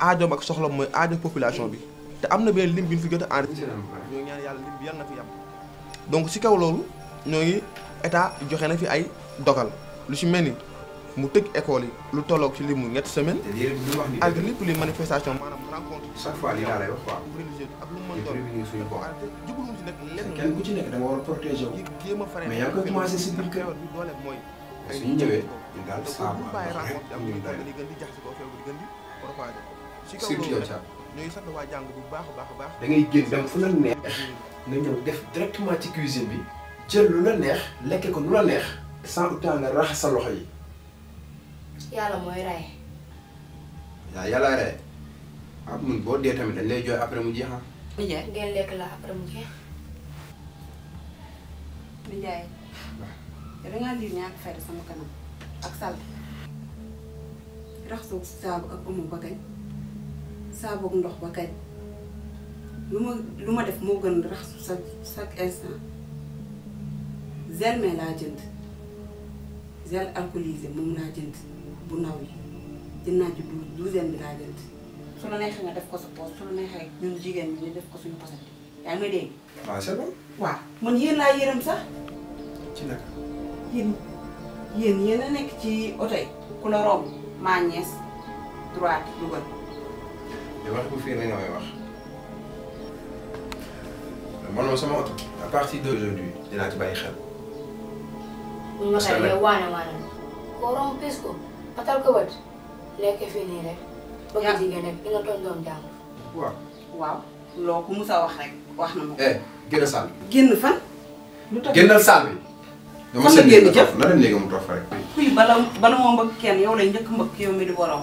aajoom ak soxlam mooy aajo population bi te am na benn lim bi ñu fi jot a enregistré ñoo ñaan yàlla lim bi yal donc si kaw loolu ñoo ngi état joxe na fi ay dogal lu si mel ni mu tëj école yi lu tolloog ci limu ñetti semaine ak lépp li manifestation maanaam rencontre chaque fois li laa lay wax quoi religieux ak lu mu mën doon suñu bopp jubluwuñ si nag lenn kenn ku a a fare mais mooy suñu ñëwee ñu surtout yow Thiam. ñooy sant waa bu baax a baax a baax. da ngay génn dem fu la neex nga ñëw def directement ci cuisine bi jël lu la neex lekke ko lu la neex. sans autant nga raxas sa loxo yi. yàlla mooy rey. waaw yàlla rey ah mun boo dee tamit dañ lay jooy après mu jeex ah. Ndiaye ngeen lekk la après mu jeex. Ndiaye. waaw da ngaa liir ñaata fayda sama kanam ak sàll. raxasoo saabu ak amul ba kañ. saabu ndox ba kañ lu ma lu ma def moo gën raxasu chaque chaque instant germain laa jënd gel alcoolisé moom laa jënd bu naw yi jënd naa ci douzaine bi laa jënd su la neexee nga def ko sa poos su la neexee ñun jigéen ñu def ko suñu poset yaa ma may dégg. waaw ah, c'est bon. waaw man yéen laa yërëm sax. ci naka. yéen yéen yéen nekk ci oto yi ku la romb maa ñees droite te wax ko fii rek nga may wax man moom sama dinaa ci bàyyi xel. buñ ma xayma waane waane la. koo romb pis ko atal ko wët fii nii rek. bëgg nga jigéen rek dina doon doom jàng. waaw. waaw loo ko Moussa wax rek wax na ma ko. génn saal bi. génn fan. lu tax génnal saal bi. fan la génn jëf dama sëñ bi na dem léegi toog fa rek. kuy bala bala moo kenn yow lay njëkk mbëgg yow mi di borom.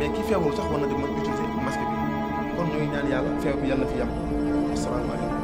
mais ki feebarul sax war na dem mën utiliser masque bi kon ñooy ñaan yàlla feebar bi yàlla fi yàqu asalaamaaleykum